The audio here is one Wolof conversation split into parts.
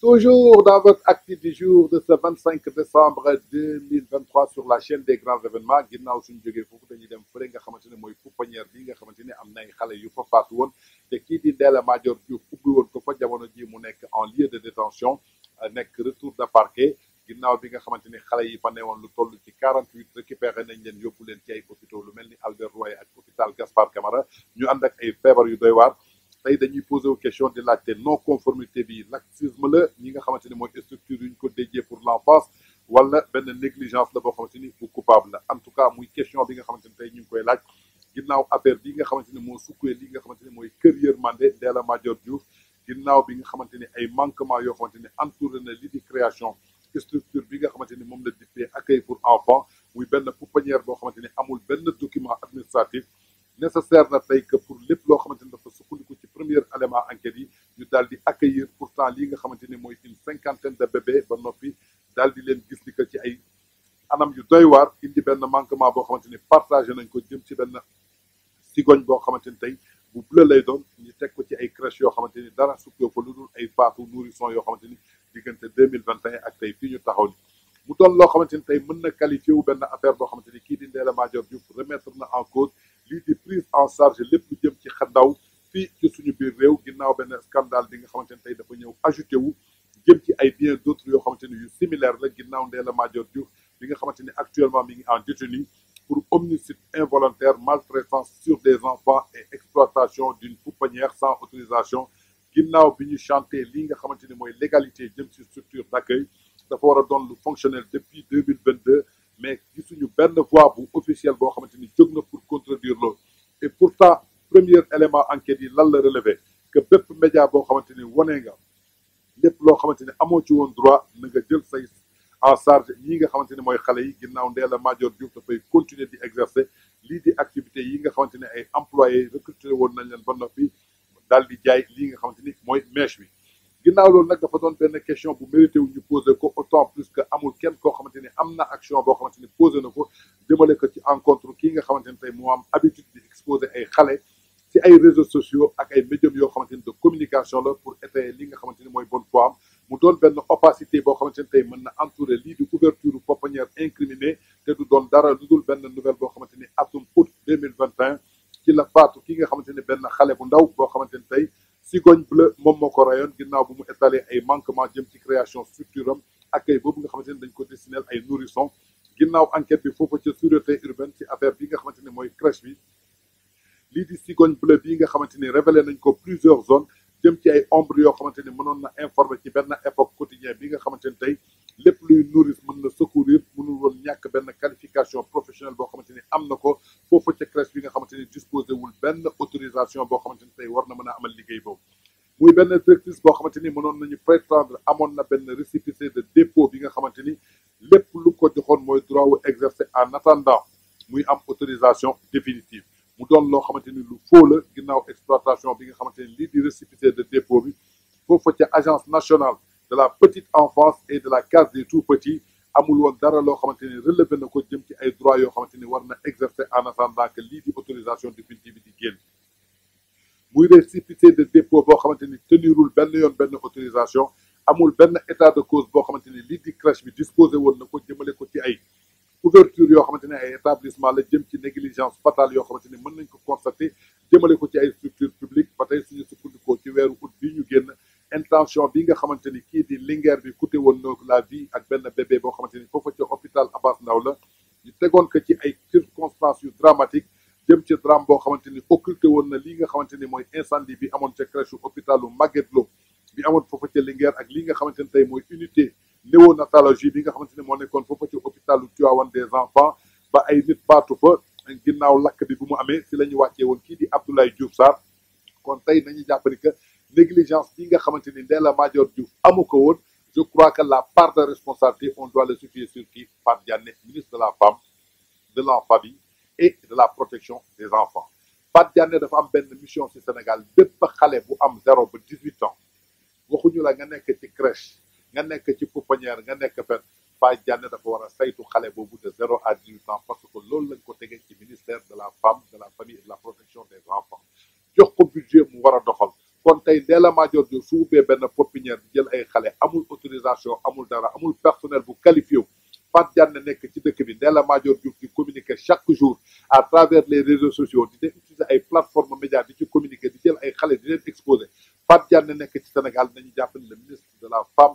Toujours dans votre actif du jour de ce 25 décembre 2023 sur la chaîne des grands événements ginnaaw suñu jógee foofu dañuy dem fële nga xamanteni moy mooy à bi nga xamanteni am nay xalé yu fa faatu won te ki di Ndella Madior Diouf ubbi won ko fa jamono ji mu nek en lieu de détention nek retour de parquet ginnaaw bi nga xamante ni xale yi fa newoon lu toll ci 48 récupéré nañ leen yóbbu leen ci ay hôpitaux lu mel ni Albert roy ak hôpital Gaspard Camara ñu ànd ak ay feebar yu doy waar tey dañuy posé wu question di laajte non conformité bi laxisme la ñi nga xamante ni mooy structure yu ñu ko déjee pour l'enfance wala benn négligence la boo xamante ni bu coupable la en tout cas muy question bi nga xamante ni tey ñu ngi koy laaj ginnaaw affaire bi nga xamante ni moo sukkee li nga xamante ni mooy kër yërmande Ndella Madior Diouf ginnaaw bi nga xamante ni ay manquement yoo xamante ni entouré na li di création structure bi nga xamante ni moom la dippee accueil pour enfants muy benn pouponnière boo xamante amul benn document administratif nécessaire na tey que pour lépp loo xamante ni dafa ko ci premier élément enquête yi ñu daal di accueillir pourtant lii nga xamante ni mooy une cinquantaine de bébés ba noppi daal di leen gis ni que ci ay anam yu doy waar indi benn manquement boo xamante ni partagé nañ ko jëm ci benn sigoñ boo xamante ni tey bu bleu lay doon ñu teg ko ci ay crèche yoo xamante ni dara sukkee ko lu dul ay baatu nourrisson yoo xamante ni diggante 2021 ak tey fii ñu taxaw ni mu doon loo xamante ni tey mën na qualifié wu benn affaire boo xamante ni kii di Ndella Madior Diouf remettre na en cause lii di prise en charge lépp lu jëm ci xandaw fii ci suñu biir réew ginnaaw benn scandale bi nga xamante ni tey dafa ñëw ajouté wu jëm ci ay bien d'autres yoo xamante ni yu similaire la ginnaaw Ndella Madior Diouf bi nga xamante ni actuellement mi ngi en détenu pour homicide involontaire maltraitance sur des enfants et exploitation d'une pouponnière sans autorisation ginnaw biñu chanter li nga xamante ni mooy légalité jëm ci structure d'accueil dafa war a doon lu fonctionnel depuis deux mille vingt deux mais gisuñu benn voix bu officiel boo xamante ni jóg na pour contredire loolu et pourtant premier élément enquête yi lan la relevé que bépp média boo xamante ni wane nga lépp loo xamante ni amoo ci woon droit na nga jël say en charge ñi nga xamante ni mooy xale yi ginnaaw Ndella Madior Diouf dafay continuer di exercer lii di activité yi nga xamante ni ay employés recruté woon nañ leen ba noppi dal di jaay li nga xamante ni mooy mèche bi ginnaaw loolu nag dafa doon benn question bu mérité wu ñu posé ko autant plus que amul kenn koo xamante ni am na action boo xamante ni posé na ko jëmale ko ci encontre kii nga xamante ni tey moo am habitude di exposé ay xale ci ay réseaux sociaux ak ay médium yoo xamante ni de communication la pour étayer li nga xamante ni mooy bonne foi am mu doon benn opacité boo xamante ni tey mën na entouré lii di couverture pouponnière incriminée te du doon dara lu dul benn nouvelle boo xamante ni atum août deux ci la faatu ki nga xamante ne benn xale bu ndaw boo xamante ne tey cigogne bleu moom moo ko rayoon ginnaaw bu mu étalé ay manquement jëm ci création structure am accueil boobu nga xamante ne dañ ko destiné ay nourrisson ginnaaw enquête bi foofa ca sûreté urbaine ci affaire bi nga xamante ne mooy crèche bi lii di cigogne bleu bi nga xamante ni révélé nañ ko plusieurs zones jëm ci ay ombre yoo xamante ni mënoon na informer ci benn époque quotidien bi nga xamante ni tey lépp luy nourrir mën na secourir mënul woon ñàkk benn qualification professionnelle boo xamante ni am na ko foofu ca crèche bi nga xamante ni disposé wul benn autorisation boo xamante ni tey war na mën a amal liggéey boobu muy benn directrice boo xamante ni mënoon nañu prétendre amoon na benn récépissé de dépôt bi nga xamante ni lépp lu ko joxoon mooy droit wu exercer en attendant muy am autorisation définitive mu doon loo xamante ni lu faux la ginnaaw exploitation bi nga xamante ni lii di récépissé de dépôt bi foofu ca agence nationale de la petite enfance et de la case des tout petits amul woon dara loo xamante ni relevé na ko jëm ci ay droits yoo xamante ni war na exercer en attendant que lii di autorisation définitive di génn muy récépissé de dépôt boo xamante ni tenirul benn yoon benn autorisation amul benn état de cause boo xamante ni lii di crèche bi disposé woon na ko jëmale ko ci ay ouverture yo xamanteni ay établissement la jëm ci négligence fatale yo xamanteni ne mën nañ ko constater jëmale ko ci ay structure publique ba tey suñu sukkandikoo ci weeru août bi ñu génn intention bi nga xamanteni ni kii di linger bi coûté woon na la vie ak benn bébé boo xamanteni ni foofa ci hôpital Abass ndaw la ñu tegoon ko ci ay circonstances yu dramatiques jëm ci drame boo xamante ni occulté woon na li nga xamante ni mooy incendie bi amoon ca crèche hôpitalu Magatte bi amoon foofa ca linger ak li nga xamante ni tey mooy unité néonatologie bi nga xamante avoir des enfants pas ay nit tout fa ginnaaw lakk bi bu mu amee si la ñu wàccee a kii di Abdoulaye Diouf Sarr kon tey nañu jàpp ni que négligence bi nga xamante ni la Diouf je crois que la part de responsabilité on doit le situer sur qui Par Diane, ministre de la femme de la famille et de la protection des enfants Par Diane, de am benn mission ci Sénégal Deux xale bu am 0 ba Vous ans waxuñu la nga crèches, ci crèche nga nekk ci pouponnière nga Faa Diagne dafa war a saytu xale boobu de zéro à dix-huit ans parce que loolu lañ ko tegee ci ministère de la femme de la famille et de la protection des enfants jox ko budget mu war a doxal kon tey Ndella Madior Diop su ubbee benn pépinière di jël ay xale amul autorisation amul dara amul personnel bu qualifié wu Faa Diagne nekk ci dëkk bi Ndella Madior Diop di communiquer chaque jour à travers les réseaux sociaux di leen utiliser ay plateformes médias di ci communiquer di jël ay xale di leen exposer Faa Diagne nekk ci Sénégal nañu jàpp ne le ministre de la femme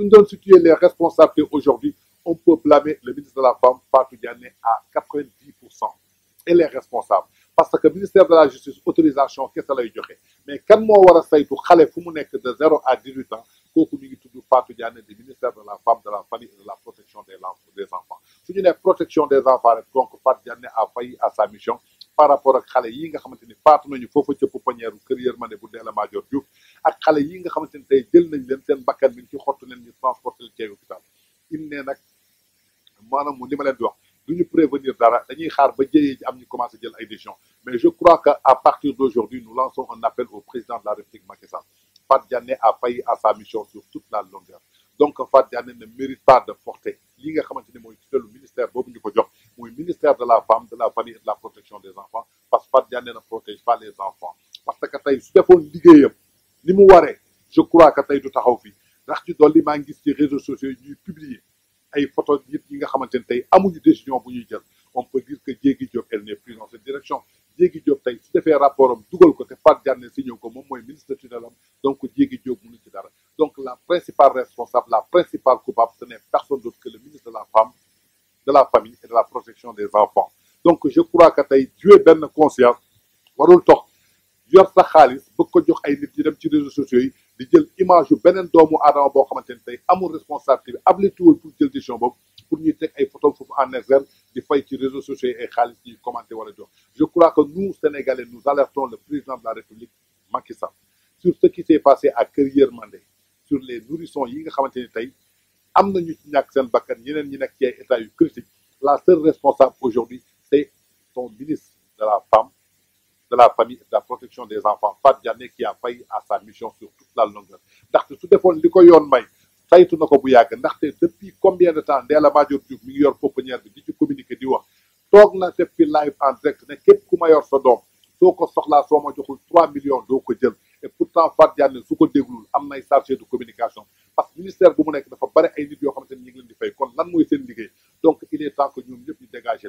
Si ñu doon situer les responsabilités aujourd'hui on peut blâmer le ministre de la femme Fatou Diané à 90%. Elle est responsable. parce que le ministère de la justice autorisation quest ce que mais a duré on va saytu xale fu mu de 0 à 18 ans pour que ngi tudd Fatou Diané du ministère de la femme de la famille et de la protection des enfants Si je la protection des enfants donc Fatou Diané a failli à sa mission par rapport à xale yi nga faut que faatu nañu foofa cëpp faire kër bu ak xale yi nga xamante ni tey jël nañ leen seen bakkan bi ñu ci xottu leen ñu transporter leen ci hôpital il ne nag maanaam li ma leen di wax duñu prévenir dara dañuy xaar ba jëyee ji am ñu commencé jël ay décision mais je crois que à partir d'aujourd'hui nous lançons un appel au président de la République Macky Sall Fat Diané a failli à sa mission sur toute la longueur donc Fat Diané ne mérite pas de porter li nga xamante ni mooy tutelu ministère boobu ñu ko jox muy ministère de la femme de la famille et de la protection des enfants parce que Fat Diané ne protège pas les enfants parce que tey su defoon liggéeyam ni mu je crois que tay du taxaw fi ndax ci doli ma ngi ci réseaux sociaux yi ñuy publier ay photo nit yi nga xamanteni tay amuñu décision bu ñuy jël on peut dire que Diégui Diop elle n'est plus dans cette direction Diégui Diop tay su defee rapport am dugal ko té Pape Diané signé ko mom moy ministre tutelle donc Diégui Diop mënu ci dara donc la principale responsable la principale coupable ce n'est personne d'autre que le ministre de la femme de la famille et de la protection des enfants donc je crois que tay Dieu ben conscience warul tok yor sa xaalis bëgg ko jox ay nit ñi dem ci réseaux sociaux yi di jël image yu beneen doomu aadama boo xamante ne tey amul responsabilité bi ablituwul pour jël décision boobu pour ñuy teg ay photo foofu en exergue di fay ci réseaux sociaux yi ay xaalis ñuy commenté wala jox je crois que nous Sénégalais nous alertons le président de la République Macky Sall sur ce qui s'est passé à Kër Yërmandé sur les nourrissons yi nga xamante ne tey am na ñu ci ñàkk seen bakkan ñeneen ñi nekk ci ay état yu critique la seule responsable aujourd'hui c'est son ministre de la femme de la famille et de la protection des enfants Fat Diané qui a failli à sa mission sur toute la longueur ndaxte tout defoon li ko yoon may saytu na ko bu yàgg ndaxte depuis combien de temps Ndella Madior Diouf mi ngi yor pouponnière bi di ci communiqué di wax toog na te fi live en direct ne kep ku ma yor sa doom soko soxla so soo ma joxul 3 millions doo ko jël et pourtant Fat Diané su ko déglul am nay chargé de communication parce que ministère bu mu nek dafa bari ay nit yo xamante ni ngi leen di fay kon lan moy seen liggéey donc il est temps que ñoom ñep ñu dégager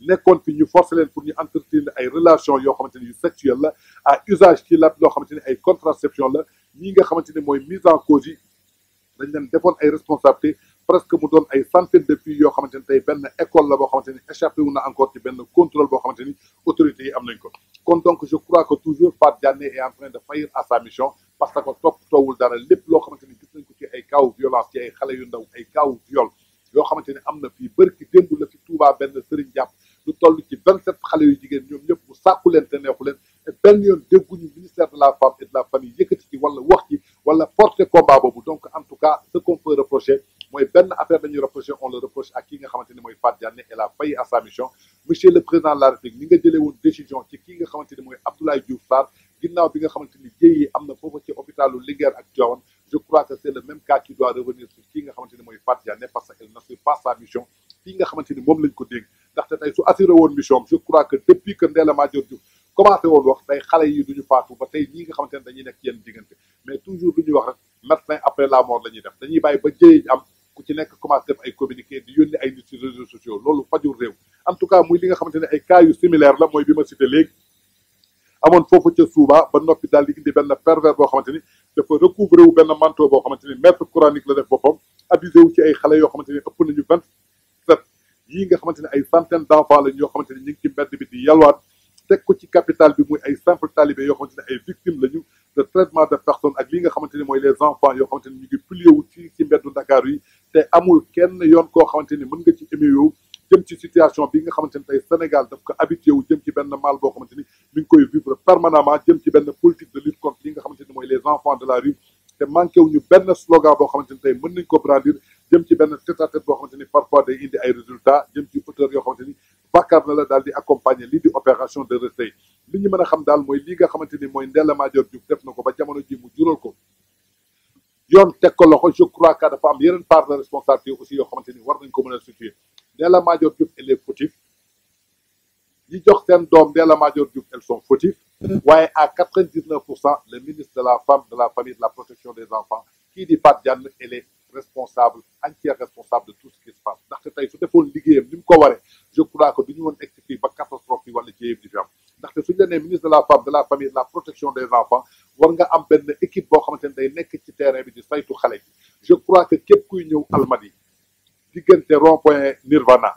nekkoon fi ñu forcé leen pour ñu entretenir ay relation yoo xamante ni sexuelle la à usage ci la loo xamante ni ay contraception la ñi nga xamante ni mooy mise en cause yi dañ leen defoon ay responsabilité presque mu doon ay centaine de filles yoo xamante ni tey benn école la boo xamante ni échappé wu na encore ci benn contrôle boo xamante ni autorités yi am nañ ko kon donc je crois que toujours Pape Diané est en train de faillir à sa mission parce que topp toowul dara lépp loo xamante ni gis nañ ko ci ay cas violence ci ay xale yu ndaw ay cas viol yoo xamante ni am na fii bërki démb la fi Touba benn sëriñ jàpp 27 sept xale yu jigéen ñoom ñëpp mu sàkku leen te neexu leen ben benn déggu ñu ministère de la femme et de la famille yëkëti ci wala wax ci wala porter combat bobu donc en tout cas ce qu'on peut reprocher mooy benn affaire dañu reprocher on le reproche à ki nga xamante ni mooy Fatou Diagne elle a failli à sa mission monsieur le président de la République ni nga jëlé woon décision ci ki nga xamante ni mooy Abdoulaye Diouf Sarr ginnaaw bi nga xamante ni jéyi am na foofa ci hôpitalu Linguère ak Tivaouane je crois que c'est le même cas qui doit revenir sur ki nga xamante ni mooy Fatou Diagne parce qu'elle n'assure pas sa mission ki nga xamante ni moom lañ ko dégg tey su assuré woon mission je crois que depuis que Ndella Madior Diouf commencé woon wax tey xale yi duñu faatu ba tey ñi nga xamante ne dañuy nekk ci yenn diggante mais toujours lu wax rek médecin après la mort la def dañuy bàyyi ba jëyee am ku ci nekk commencé def ay communiqué di yónni ay nit ci réseaux sociaux loolu fajul réew en muy li nga xamante ay cas similaire la mooy bi ma cité léegi amoon foofu ca Suuba ba noppi daal di indi benn yii nga xamante ne ay centaine enfants lañ yoo xamante ne ñu ngi ci mbedd bi di yalwaat teg ko ci capital bi muy ay simple talibé yoo xamante ne ay victimes lañu de traitement de personne ak li nga xamante ne mooy les enfants yoo xamante ne ñu ngi plié wu ci ci mbeddu Dakar yi te amul kenn yoon koo xamante ni mën nga ci éméyow jëm ci situation bi nga xamante ni tey Sénégal daf ko habitué wu jëm ci benn mal boo xamante ni mi ngi koy vivre permanemment jëm ci benn politique de lutte contre li nga xamante ni mooy les enfants de la rue te manqué wu ñu benn slogan boo xamante ni tey mën nañ ko brandir jëm ci benn tête à tête boo xamante parfois des indi ay résultats jëm ci auteur yoo xamante ni bàkkaar na la daal di accompagner lii di opération de retrait. li ñu mën a xam daal mooy lii nga xamante ni mooy Ndella Madior Diouf def na ko ba jamono ji mu jural ko yoon teg ko loxo je crois que dafa am yeneen part de responsabilité aussi yoo xamante ni war nañ ko mën a situer Ndella Madior Diouf Les est fautive ñi jox seen doom Ndella major Diouf elles sont fautifs waaye à quatre-vingt-dix-neuf pour cent le ministre de la femme de la famille de la protection des enfants kii di Pape Diagne elle est responsable entière responsable de tout ce tey su defoon liggéeyam ni mu ko waree je crois que du ñu woon egsi ba catastrophe yi wala jéyam di fi am ndaxte la nee ministre de la femme de la famille de la protection des enfants war nga am benn équipe boo xamante ne day nekk ci terrain bi di saytu xale yi je crois que képp kuy ñëw Almadies diggante rond point Nirvana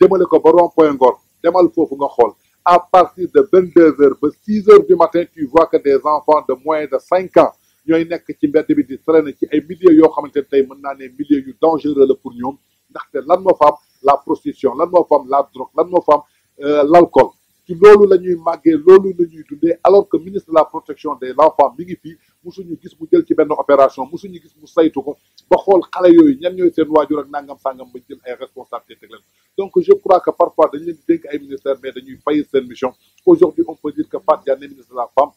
jëmale ko ba rond point Ngor demal foofu nga xool à partir de vingt deux heures ba six heures du matin tu vois que des enfants de moins de cinq ans ñooy nekk ci mbedd bi di traîner ci ay milieux yoo xamante ne tey mën naa ne milieux yu dangereux la pour ñoom ndaxte lan moo fa am la prostitution lan moo fa am la drogue lan moo fa am euh, l'alcool ci loolu la ñuy màggee loolu la ñuy dundee alors que ministre de la protection de l'enfant mi ngi fii musuñu gis mu jël ci benn opération musuñu gis mu saytu ko ba xool xale yooyu ñan ñooy seen waajur ak nangam sangam ba jël ay responsabilités teg leen donc je crois que parfois dañ leen dénk ay ministères mais dañuy faillir seen mission aujourd'hui on peut dire que Fatou Diané ministre de la femme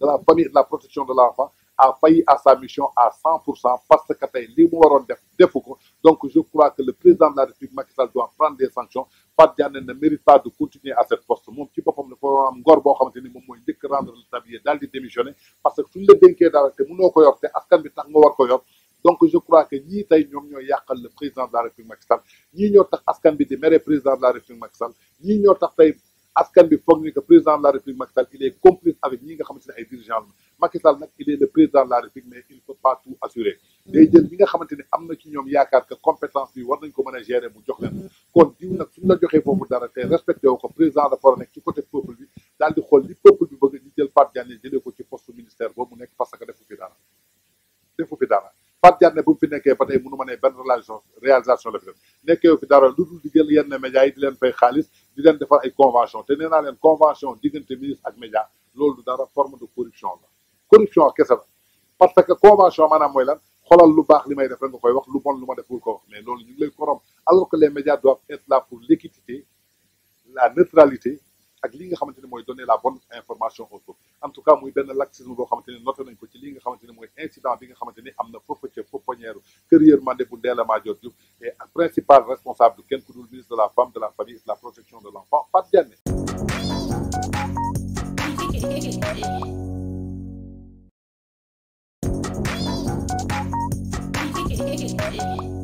de la famille de la protection de l'enfant a failli à sa mission à 100% parce que tey li mu de def defu donc je crois que le président de la République Macky Sall doit prendre des sanctions Pape Diané ne mérite pas de continuer à cette poste moom ci boppam dafa am ngor boo xamante ni moom mooy njëkk rendre le tablier di parce que suñ la dénkee dara te mënoo ko yor te askan bi tax nga war ko yor donc je crois que ni tey ñoom ñoo le président de la République Macky Sall ñii ñoo tax askan bi di mere président de la République Macky Sall ñii ñoo tax askan bi foog ni que président de la république Macky Sall il est complice avec ñi nga xamante ne ay dirigeants la Macky Sall nag il est le président de la république mais il ne peut pas tout assurer day jël bi nga xamante ne am na ci ñoom yaakaar que compétence bi war nañ ko mën a gérer mu jox leen kon diw nag suñu la joxee foofu dara te respecté wu ko président dafa war a nekk ci côté peuple bi daal di xool li peuple bi bëgg ñu jël Fat Diagne jëlee ko ci poste ministère boobu mu nekk parce que defu fi dara defu fi dara Fat Diagne bu fi nekkee ba tey mënu ma ne benn réalisation la fi nekkee fi dara lu di jël yenn médias yi di leen fay xaalis di leen defar ay convention te nee naa leen convention diggante ministre ak média loolu du dara forme de corruption la corruption kese la parce que convention maanaam mooy lan xolal lu baax li may def rek nga koy wax lu bon lu ma def bul ko wax mais loolu ñu ngi lay korom alors que les médias doivent être là pour l'équité la neutralité ak li donner la bonne information en tout cas muy benn laxisme noté nañ ko ci li nga incident bi nga xamante et principal responsable ministre de la femme de la famille et de la protection de l'enfant